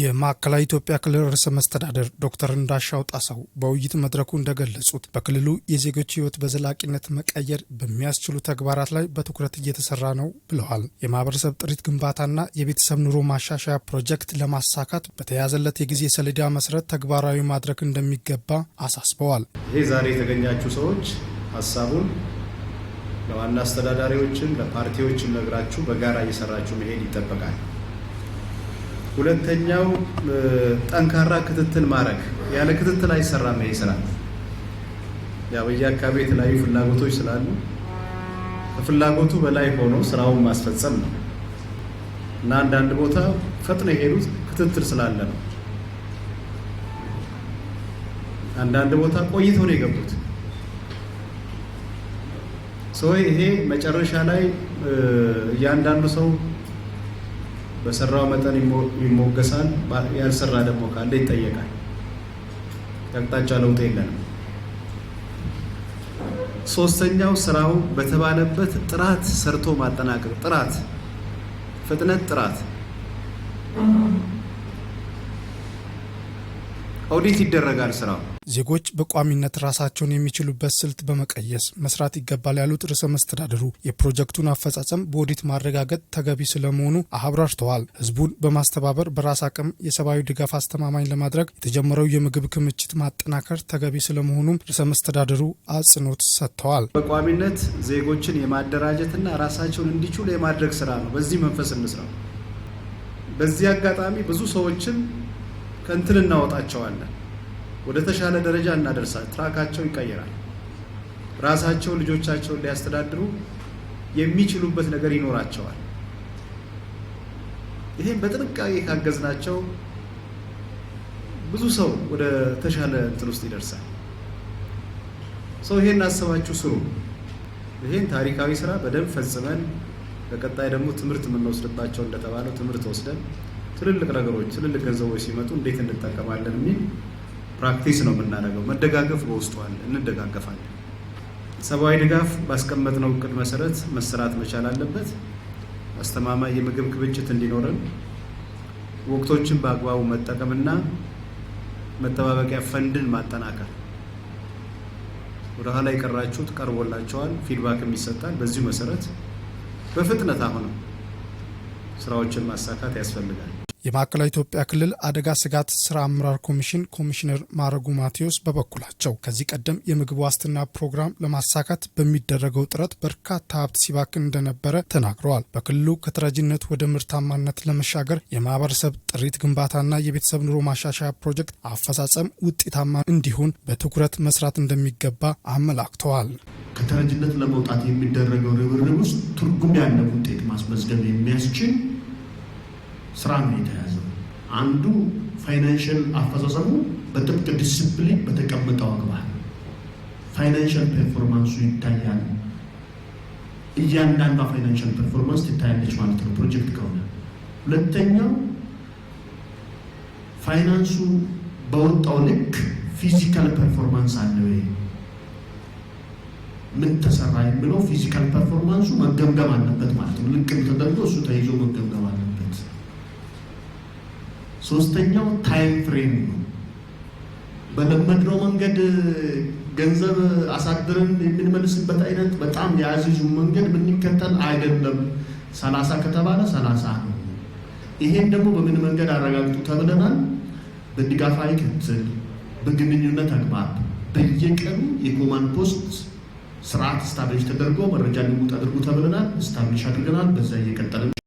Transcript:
የማዕከላዊ ኢትዮጵያ ክልል ርዕሰ መስተዳደር ዶክተር እንዳሻው ጣሰው በውይይት መድረኩ እንደገለጹት በክልሉ የዜጎች ሕይወት በዘላቂነት መቀየር በሚያስችሉ ተግባራት ላይ በትኩረት እየተሰራ ነው ብለዋል። የማህበረሰብ ጥሪት ግንባታና የቤተሰብ ኑሮ ማሻሻያ ፕሮጀክት ለማሳካት በተያዘለት የጊዜ ሰሌዳ መሰረት ተግባራዊ ማድረግ እንደሚገባ አሳስበዋል። ይሄ ዛሬ የተገኛችሁ ሰዎች ሀሳቡን ለዋና አስተዳዳሪዎችም ለፓርቲዎችም ነግራችሁ በጋራ እየሰራችሁ መሄድ ይጠበቃል። ሁለተኛው ጠንካራ ክትትል ማድረግ። ያለ ክትትል አይሰራም ይሄ ስራ። ያው በየአካባቢ የተለያዩ ፍላጎቶች ስላሉ ከፍላጎቱ በላይ ሆኖ ስራውን ማስፈጸም ነው እና አንዳንድ ቦታ ፈጥነው የሄዱት ክትትል ስላለ ነው። አንዳንድ ቦታ ቆይተው ነው የገቡት። ሰው ይሄ መጨረሻ ላይ እያንዳንዱ ሰው በሰራው መጠን ይሞገሳል፣ ያልሰራ ደግሞ ካለ ይጠየቃል። አቅጣጫ ለውጥ የለንም። ሶስተኛው ስራው በተባለበት ጥራት ሰርቶ ማጠናቀቅ። ጥራት፣ ፍጥነት፣ ጥራት ኦዲት ይደረጋል ስራው። ዜጎች በቋሚነት ራሳቸውን የሚችሉበት ስልት በመቀየስ መስራት ይገባል ያሉት ርዕሰ መስተዳድሩ የፕሮጀክቱን አፈጻጸም በኦዲት ማረጋገጥ ተገቢ ስለመሆኑ አብራርተዋል። ህዝቡን በማስተባበር በራስ አቅም የሰብአዊ ድጋፍ አስተማማኝ ለማድረግ የተጀመረው የምግብ ክምችት ማጠናከር ተገቢ ስለመሆኑም ርዕሰ መስተዳድሩ አጽንኦት ሰጥተዋል። በቋሚነት ዜጎችን የማደራጀትና ራሳቸውን እንዲችሉ የማድረግ ስራ ነው። በዚህ መንፈስ እንስራ። በዚህ አጋጣሚ ብዙ ሰዎችን ከእንትን እናወጣቸዋለን፣ ወደ ተሻለ ደረጃ እናደርሳ ትራካቸው ይቀየራል። ራሳቸው ልጆቻቸውን ሊያስተዳድሩ የሚችሉበት ነገር ይኖራቸዋል። ይህም በጥንቃቄ ካገዝናቸው ብዙ ሰው ወደ ተሻለ እንትን ውስጥ ይደርሳል። ሰው ይሄን አስባችሁ ስሩ። ይሄን ታሪካዊ ስራ በደንብ ፈጽመን በቀጣይ ደግሞ ትምህርት የምንወስድባቸው እንደተባለው ትምህርት ወስደን ትልልቅ ነገሮች ትልልቅ ገንዘቦች ሲመጡ እንዴት እንጠቀማለን የሚል ፕራክቲስ ነው የምናደርገው። መደጋገፍ በውስጡ አለ፣ እንደጋገፋለን። ሰብአዊ ድጋፍ ባስቀመጥነው እቅድ መሰረት መሰራት መቻል አለበት። አስተማማኝ የምግብ ክብጭት እንዲኖረን ወቅቶችን በአግባቡ መጠቀምና መጠባበቂያ ፈንድን ማጠናከር። ወደኋላ የቀራችሁት ቀርቦላቸዋል፣ ፊድባክም ይሰጣል። በዚሁ መሰረት በፍጥነት አሁንም ስራዎችን ማሳካት ያስፈልጋል። የማዕከላዊ ኢትዮጵያ ክልል አደጋ ስጋት ስራ አመራር ኮሚሽን ኮሚሽነር ማረጉ ማቴዎስ በበኩላቸው ከዚህ ቀደም የምግብ ዋስትና ፕሮግራም ለማሳካት በሚደረገው ጥረት በርካታ ሀብት ሲባክን እንደነበረ ተናግረዋል። በክልሉ ከተረጂነት ወደ ምርታማነት ለመሻገር የማህበረሰብ ጥሪት ግንባታና የቤተሰብ ኑሮ ማሻሻያ ፕሮጀክት አፈጻጸም ውጤታማ እንዲሆን በትኩረት መስራት እንደሚገባ አመላክተዋል። ከተረጂነት ለመውጣት የሚደረገው ርብርብ ውስጥ ትርጉም ያለው ውጤት ማስመዝገብ የሚያስችል ስራ ነው የተያዘው። አንዱ ፋይናንሽል አፈጻጸሙ በጥብቅ ዲስፕሊን በተቀመጠው አግባብ ፋይናንሽል ፐርፎርማንሱ ይታያል። እያንዳንዷ ፋይናንሽል ፐርፎርማንስ ትታያለች ማለት ነው ፕሮጀክት ከሆነ። ሁለተኛው ፋይናንሱ በወጣው ልክ ፊዚካል ፐርፎርማንስ አለ ወይ ምን ተሰራ የሚለው ፊዚካል ፐርፎርማንሱ መገምገም አለበት ማለት ነው። ልክ ተደርጎ እሱ ተይዞ መገምገም ሶስተኛው ታይም ፍሬም ነው። በለመድነው መንገድ ገንዘብ አሳድረን የምንመልስበት አይነት በጣም የያዝዡ መንገድ የምንከተል አይደለም። ሰላሳ ከተባለ ሰላሳ ነው። ይሄን ደግሞ በምን መንገድ አረጋግጡ ተብለናል። በድጋፋዊ ክትል፣ በግንኙነት አግባብ በየቀኑ የኮማንድ ፖስት ስርዓት ስታብሊሽ ተደርጎ መረጃ ልውውጥ አድርጉ ተብለናል። ስታብሊሽ አድርገናል። በዛ እየቀጠልን